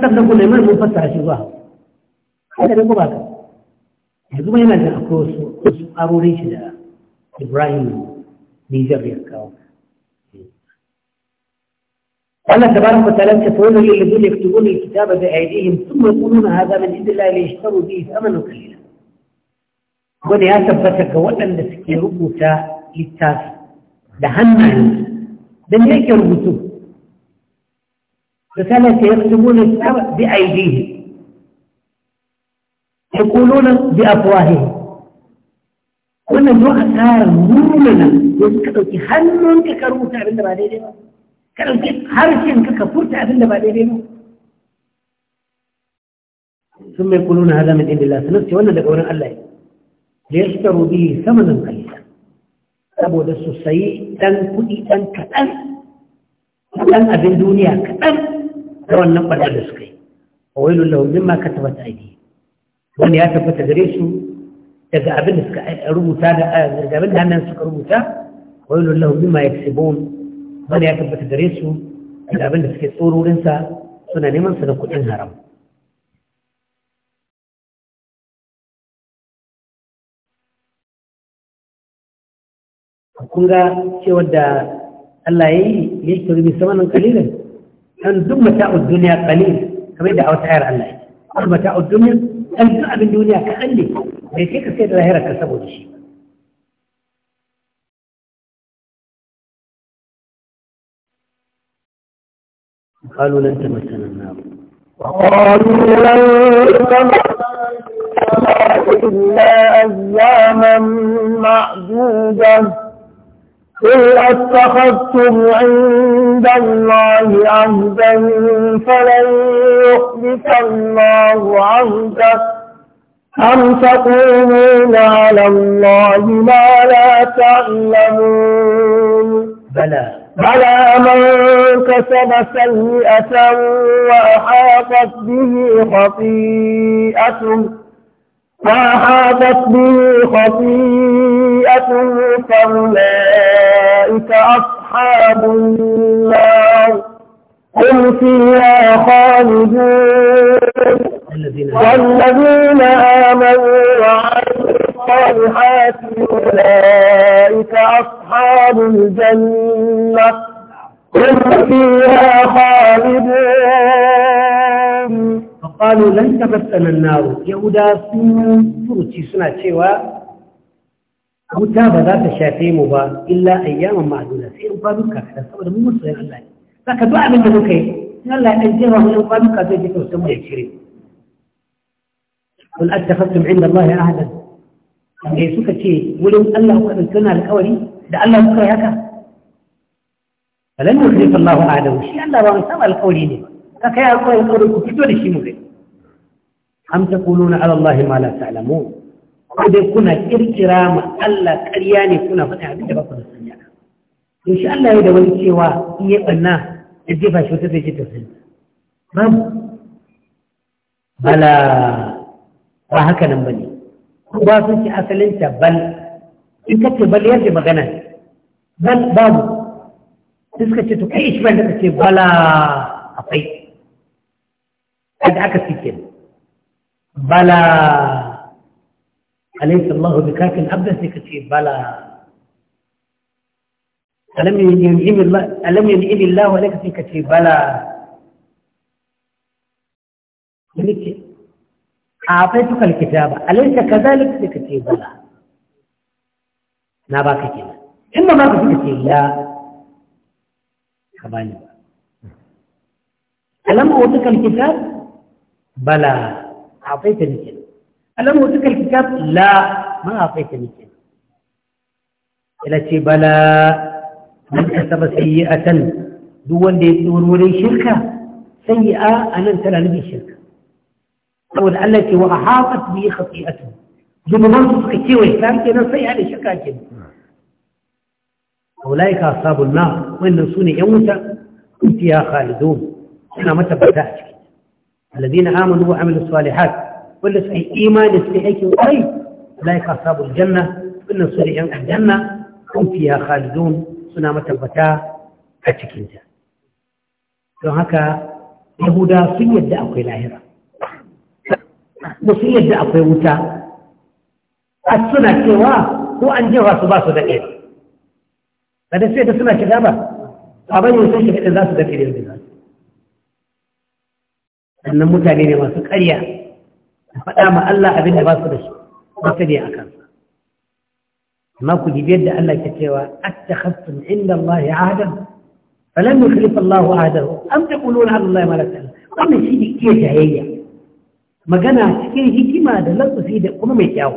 المنطق نقول الإيمان مفسر شيء واحد هذا نقول هذا هذا ما يمكن أكروس أكروس أبو ريشدا إبراهيم نيجر يكاو الله تبارك وتعالى كفولا للذين يكتبون الكتاب بأيديهم ثم يقولون هذا من عند الله ليشتروا به ثمنا قليلا قل يا سبتك ولا نسكي ربك للتاسع لهنا بن يكي ربك فكانت يكتبون الكتاب بأيديهم يقولون بأفواههم كنا جوا أثار مؤمنة يسكتوا تهنون كروه تعبين لما ديريما كانوا كهرشين ككفور تعبين لما ديريما ثم يقولون هذا من عند الله سنفسي وانا دقونا الله ليشتروا به ثمنا قليلا أبو دسو سيء تنكو إي تنكتن تنكتن أبن دونيا كتن da wannan ɓatar da suka yi a ma lahum tabbata a yi. wani ya tabbata gare su daga abin da suka rubuta daga abin da hannun suka rubuta ma ya mimma yaksibun wani ya tabbata gare su daga abin da suke tsororinsa suna neman su da kuɗin haram kun ga cewar da Allah ya yi ya yi turmi samanin kalilin كان ذو متاع الدنيا قليل كما يدعو تعير عن الله أخذ متاع الدنيا أن تعب الدنيا كأني ويكيك السيد الهيرة كسبه لشيء قالوا لن تمسنا النار قالوا لن تمسنا النار إلا أياما معدودة قل اتخذتم عند الله عهدا فلن يخلف الله عهده أم تقولون على الله ما لا تعلمون بلى بلى من كسب سيئة وأحاطت به خطيئة وأحاطت به خطيئة فأولئك أصحاب النار هم فيها خالدون والذين آمنوا وعملوا الصالحات أولئك أصحاب الجنة هم فيها خالدون فقالوا لن تمسنا النار يهودا سن فرتي سنة wuta ba za ta shafe mu ba illa ayyaman ma'aduna sai in kwanuka kaɗan saboda mun musu yan Allah ne za ka duk abin da muka yi in Allah ya ɗan jefa mu yan kwanuka zai ji kyautar mu ya cire قل أتخذتم عند الله أهدا sai suka ce wurin Allah kuka ɗauki wani alkawari da Allah kuka yi haka falan yau zai fallahu adamu shi Allah ba mai saba alkawari ne ka kai alkawari ku fito da shi mu gani am taquluna ala Allah ma la ta'lamun ko dai kuna kirkira ma Allah ƙarya ne kuna faɗa abin da ba ku da sanya yaushe Allah ya da wani cewa in ya ɓanna ya jefa shi wata zai ce tausayi babu bala ba haka nan ba ne ko ba sun ci asalinta bal in ka ce bal yadda magana bal babu sai suka ce to kai shi ban da ka ce bala akwai kada aka sike. bala أليس الله بكاف في كثير بلى ألم ينعم الله ألم ينعم الله عليك كثير بلى أعطيتك الكتاب أليس كذلك في سيكتي بلى باقي كنا إما ما كثير لا خبالي ألم أعطيك الكتاب بلى أعطيتني كنا alam wutukal kitab la ma ta nake ila ce bala man kasaba sayyi'atan duk wanda ya tsoro wurin shirka sayyi'a anan tana nufin shirka saboda Allah ce wa ahafat bi khati'atu zunuban su suka kewaye ta kenan sai ya da shirka ke أولئك أصحاب النار وإن سوني يموت كنت يا a أنا متبتعت الذين آمنوا وعملوا الصالحات wanda su yi imani su yi aikin ƙwarai ka sabon janna suna su da yan aljanna kun fiya khalidun suna matabbata a cikinta don haka yahuda sun yadda akwai lahira ba sun yadda akwai wuta a suna cewa ko an jefa su ba su da ɗaya ba da sai ta suna shiga ba a bayan sun shiga da za su da ɗaya da za su sannan mutane ne masu ƙarya faɗa ma Allah abin da ba su da shi ba su biya a kansa amma ku ji yadda Allah ke cewa attakhastum inda Allah ya adam falan yukhlifa Allah ahdahu am taquluna ala Allah ma la ta'lam wannan shi ne ke jayayya magana cikin hikima da lantsufi da kuma mai kyau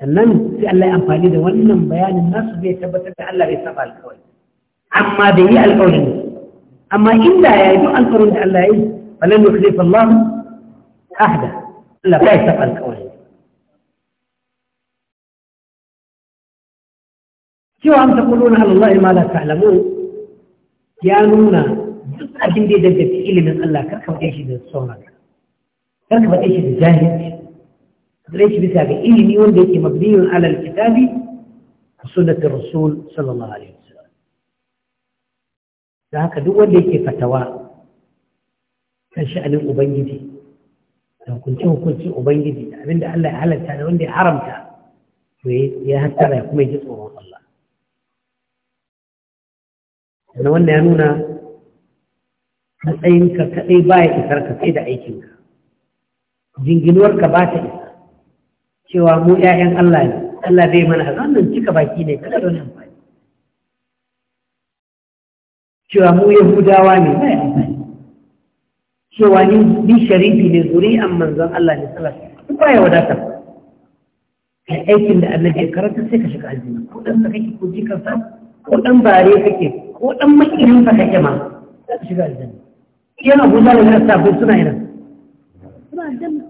sannan sai Allah ya amfani da wannan bayanin nasu zai tabbatar da Allah bai saba alƙawari amma bai yi alƙawarin amma inda ya yi duk alƙawarin da Allah ya yi فلن يخلف الله أحدا لا لا يستقل الكون سوى أن تقولون على الله ما لا تعلمون يا لكن دي دي دي إلي الله كركب إيش دي الصورة كركب إيش دي جاهد ليش بسابق إلي ميون دي مبني على الكتاب وسنة الرسول صلى الله عليه وسلم ذاك haka دي wanda kan sha'anin ubangiji da hukunce hukuncin ubangiji da abinda Allah ya halatta da wanda ya haramta to ya hattara kuma ya ji tsoron Allah sannan wanda ya nuna matsayinka kaɗai baya isar ka sai da aikinka jinginuwarka ba ta isa cewa mu 'ya'yan Allah ne Allah zai mana azannan cika baki ne kada da wani amfani cewa mu yahudawa ne ba ya amfani cewa ni sharifi ne zuri'an manzon Allah ne sallallahu alaihi wasallam baya wadatar kai aikin da annabi ya karanta sai ka shiga aljanna ko dan da kake ko jikan sa ko dan bare kake ko dan makirin sa kake ma ka shiga aljanna yana guda da na sabu suna yana suna aljanna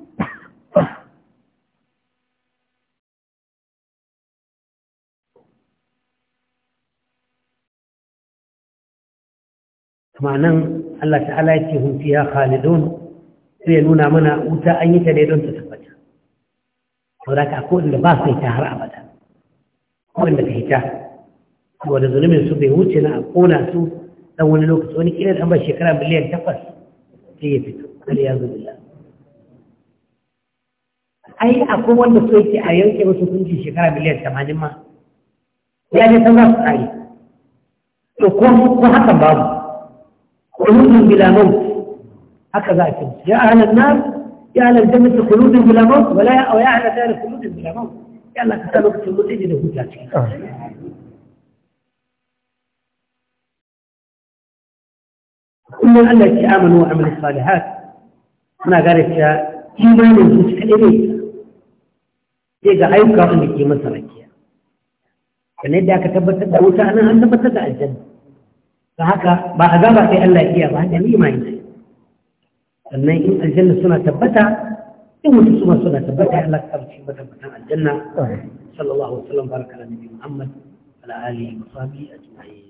ma'anan Allah ta'ala ya ce hunfi ya khalidun sai ya nuna mana wuta an yi ta ne don ta tabbata da ka ko inda ba su ta har abada ko inda ka hita saboda zunumin su bai wuce na a kona su dan wani lokaci wani kila an ba shekara miliyan takwas sai ya fito kar ya zo billah ai akwai wanda so yake a yanke musu kunci shekara miliyan tamanin ma ya ne ta za su tsari to ko haka babu خلود بلا موت هكذا يكون يا أهل النار يا أهل الجنة خلود بلا موت ولا يا أهل الجنة خلود بلا موت يلا كتابك في الموت يجده جاتك كل الذي آمنوا وعمل الصالحات انا قالت يا إيمان المسك يعني اذا يجا أيوك أغنك يمسرك كان يدعك تبتت أو سأنا أن تبتت الجنة da haka ba azaba sai Allah iya ba da nima ne sannan in aljanna suna tabbata in mutu suna tabbata Allah ka karci matabbatan aljanna sallallahu alaihi baraka ala nabi Muhammad ala alihi wa sahbihi ajma'in